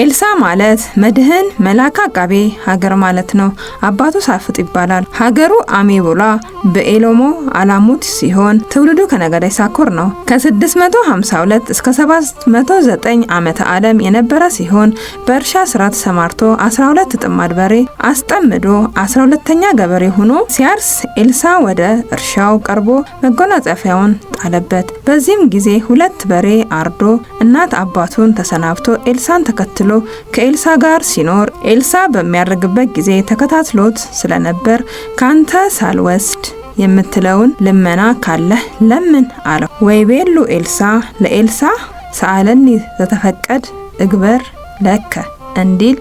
ኤልሳ ማለት መድህን መላካ አቃቤ ሀገር ማለት ነው። አባቱ ሳፍጥ ይባላል። ሀገሩ አሜቦላ በኤሎሞ አላሙት ሲሆን ትውልዱ ከነገዳይ ሳኮር ነው። ከ652 እስከ 709 ዓመተ ዓለም የነበረ ሲሆን በእርሻ ስራ ተሰማርቶ 12 ጥማድ በሬ አስጠምዶ 12ተኛ ገበሬ ሆኖ ሲያርስ ኤልሳ ወደ እርሻው ቀርቦ መጎናጸፊያውን አለበት። በዚህም ጊዜ ሁለት በሬ አርዶ እናት አባቱን ተሰናብቶ ኤልሳን ተከትሎ ከኤልሳ ጋር ሲኖር ኤልሳ በሚያደርግበት ጊዜ ተከታትሎት ስለነበር ካንተ ሳልወስድ የምትለውን ልመና ካለህ ለምን አለው። ቤሉ ኤልሳ ለኤልሳ ሰአለኒ ዘተፈቀድ እግበር ለከ እንዲል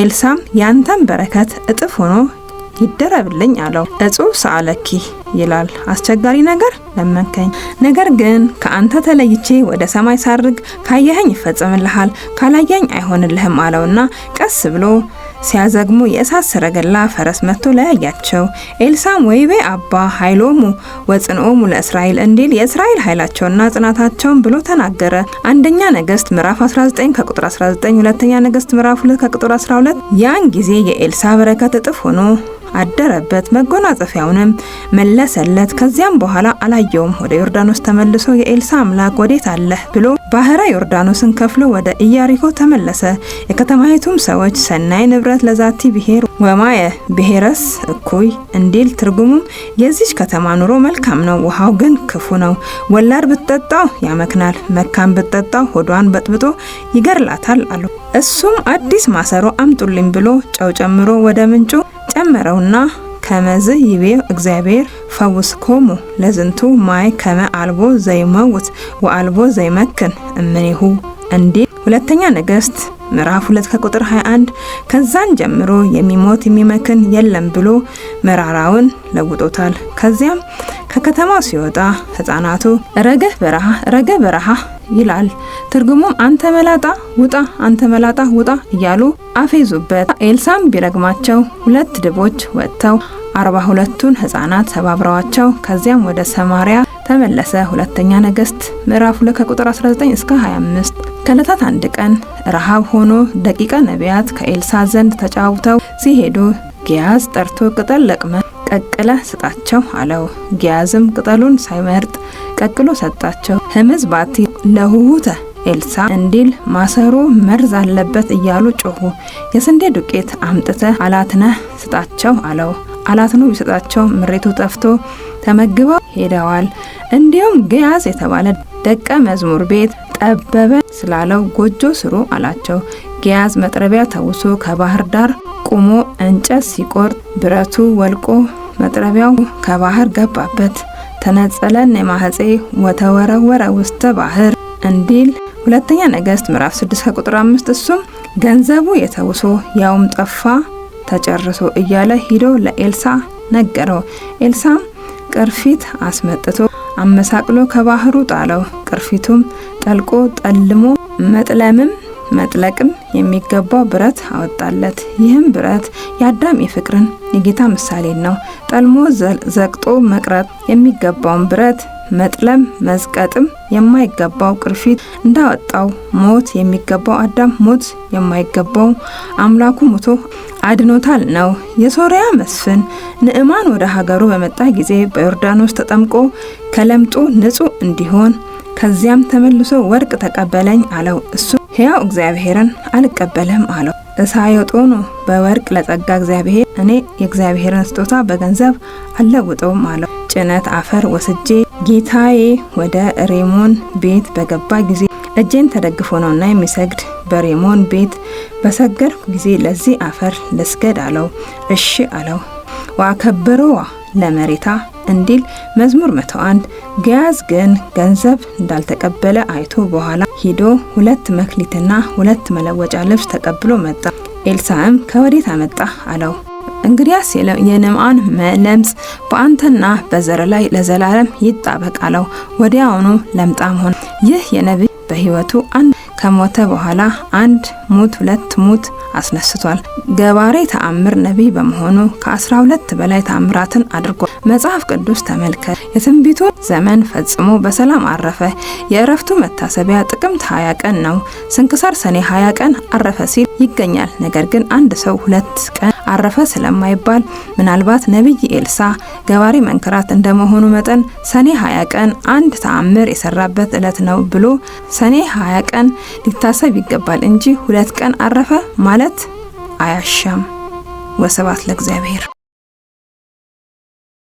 ኤልሳም ያንተን በረከት እጥፍ ሆኖ ይደረብልኝ አለው። እጹብ ሰአለኪ ይላል። አስቸጋሪ ነገር ለመንከኝ፣ ነገር ግን ከአንተ ተለይቼ ወደ ሰማይ ሳርግ ካየኸኝ ይፈጸምልሃል፣ ካላየኝ አይሆንልህም አለውና ቀስ ብሎ ሲያዘግሙ የእሳት ሰረገላ ፈረስ መጥቶ ለያያቸው። ኤልሳም ወይቤ አባ ኃይሎሙ ወጽንኦሙ ለእስራኤል እንዲል የእስራኤል ኃይላቸውና ጽናታቸውን ብሎ ተናገረ። አንደኛ ነገስት ምዕራፍ 19 ከቁጥር 19፣ ሁለተኛ ነገስት ምዕራፍ 2 ከቁጥር 12። ያን ጊዜ የኤልሳ በረከት እጥፍ ሆኖ አደረበት፣ መጎናጸፊያውንም መለሰለት። ከዚያም በኋላ አላየውም። ወደ ዮርዳኖስ ተመልሶ የኤልሳ አምላክ ወዴት አለህ ብሎ ባህረ ዮርዳኖስን ከፍሎ ወደ ኢያሪኮ ተመለሰ። የከተማይቱም ሰዎች ሰናይ ንብረት ለዛቲ ብሔር ወማየ ብሔረስ እኩይ እንዲል ትርጉሙም የዚች ከተማ ኑሮ መልካም ነው፣ ውሃው ግን ክፉ ነው። ወላድ ብትጠጣው ያመክናል፣ መካን ብትጠጣው ሆዷን በጥብጦ ይገርላታል አሉ። እሱም አዲስ ማሰሮ አምጡልኝ ብሎ ጨው ጨምሮ ወደ ምንጩ ጨመረውና ከመዝ ይቤ እግዚአብሔር ፈውስኮሙ ለዝንቱ ማይ ከመ አልቦ ዘይመውት ወአልቦ ዘይመክን እምኔሁ እንዲህ ሁለተኛ ነገሥት ምዕራፍ 2 ከቁጥር 21 ከዛን ጀምሮ የሚሞት የሚመክን የለም ብሎ መራራውን ለውጦታል። ከዚያም ከከተማው ሲወጣ ህፃናቱ ረገ በረሃ ረገ በረሃ ይላል። ትርጉሙም አንተ መላጣ ውጣ፣ አንተ መላጣ ውጣ እያሉ አፌዙበት። ኤልሳም ቢረግማቸው ሁለት ድቦች ወጥተው አርባ ሁለቱን ህጻናት ሰባብረዋቸው ከዚያም ወደ ሰማሪያ ተመለሰ። ሁለተኛ ነገስት ምዕራፍ 2 ከቁጥር 19 እስከ 25። ከእለታት አንድ ቀን ረሃብ ሆኖ ደቂቀ ነቢያት ከኤልሳ ዘንድ ተጫውተው ሲሄዱ ጊያዝ ጠርቶ ቅጠል ለቅመ ቀቅለ ስጣቸው አለው። ጊያዝም ቅጠሉን ሳይመርጥ ቀቅሎ ሰጣቸው። ህምዝ ባቲ ለሁሁተ ኤልሳ እንዲል ማሰሮ መርዝ አለበት እያሉ ጮሁ። የስንዴ ዱቄት አምጥተ አላትነ ስጣቸው አለው። አላትኑ ቢሰጣቸው ምሬቱ ጠፍቶ ተመግበው ሄደዋል። እንዲሁም ግያዝ የተባለ ደቀ መዝሙር ቤት ጠበበ ስላለው ጎጆ ስሩ አላቸው። ግያዝ መጥረቢያ ተውሶ ከባህር ዳር ቆሞ እንጨት ሲቆርጥ ብረቱ ወልቆ መጥረቢያው ከባህር ገባበት። ተነጸለን የማህፄ ወተወረወረ ውስተ ባህር እንዲል ሁለተኛ ነገሥት ምዕራፍ 6 ቁጥር 5። እሱም ገንዘቡ የተውሶ ያውም ጠፋ ተጨርሶ እያለ ሂዶ ለኤልሳ ነገረው። ኤልሳም ቅርፊት አስመጥቶ አመሳቅሎ ከባህሩ ጣለው። ቅርፊቱም ጠልቆ ጠልሞ መጥለምም መጥለቅም የሚገባው ብረት አወጣለት። ይህም ብረት የአዳም የፍቅርን የጌታ ምሳሌ ነው። ጠልሞ ዘቅጦ መቅረት የሚገባውን ብረት መጥለም መዝቀጥም የማይገባው ቅርፊት እንዳወጣው ሞት የሚገባው አዳም ሞት የማይገባው አምላኩ ሞቶ አድኖታል ነው። የሶሪያ መስፍን ንዕማን ወደ ሀገሩ በመጣ ጊዜ በዮርዳኖስ ተጠምቆ ከለምጡ ንጹሕ እንዲሆን ከዚያም ተመልሶ ወርቅ ተቀበለኝ አለው። እሱ ሕያው እግዚአብሔርን አልቀበለም አለው። እሳዮጦኑ በወርቅ ለጸጋ እግዚአብሔር እኔ የእግዚአብሔርን ስጦታ በገንዘብ አልለውጠውም አለው። ጭነት አፈር ወስጄ ጌታዬ ወደ ሬሞን ቤት በገባ ጊዜ እጄን ተደግፎ ነውና የሚሰግድ በሬሞን ቤት በሰገድኩ ጊዜ ለዚህ አፈር ልስገድ አለው። እሺ አለው። ከብሮዋ። ለመሬታ እንዲል መዝሙር 101 ገያዝ ግን ገንዘብ እንዳልተቀበለ አይቶ በኋላ ሂዶ ሁለት መክሊትና ሁለት መለወጫ ልብስ ተቀብሎ መጣ። ኤልሳዕም ከወዴት አመጣ አለው። እንግዲያስ የንዕማን ለምጽ በአንተና በዘር ላይ ለዘላለም ይጣበቃለው ወዲያውኑ ለምጣም ሆነ። ይህ የነቢይ በህይወቱ አንድ ከሞተ በኋላ አንድ ሙት ሁለት ሙት አስነስቷል። ገባሬ ተአምር ነቢይ በመሆኑ ከ12 በላይ ተአምራትን አድርጓል። መጽሐፍ ቅዱስ ተመልከት። የትንቢቱን ዘመን ፈጽሞ በሰላም አረፈ። የእረፍቱ መታሰቢያ ጥቅምት 20 ቀን ነው። ስንክሳር ሰኔ 20 ቀን አረፈ ሲል ይገኛል። ነገር ግን አንድ ሰው ሁለት ቀን አረፈ ስለማይባል ምናልባት ነቢይ ኤልሳ ገባሪ መንክራት እንደመሆኑ መጠን ሰኔ 20 ቀን አንድ ተአምር የሰራበት ዕለት ነው ብሎ ሰኔ 20 ቀን ሊታሰብ ይገባል እንጂ ሁለት ቀን አረፈ ማለት አያሻም። ወስብሐት ለእግዚአብሔር።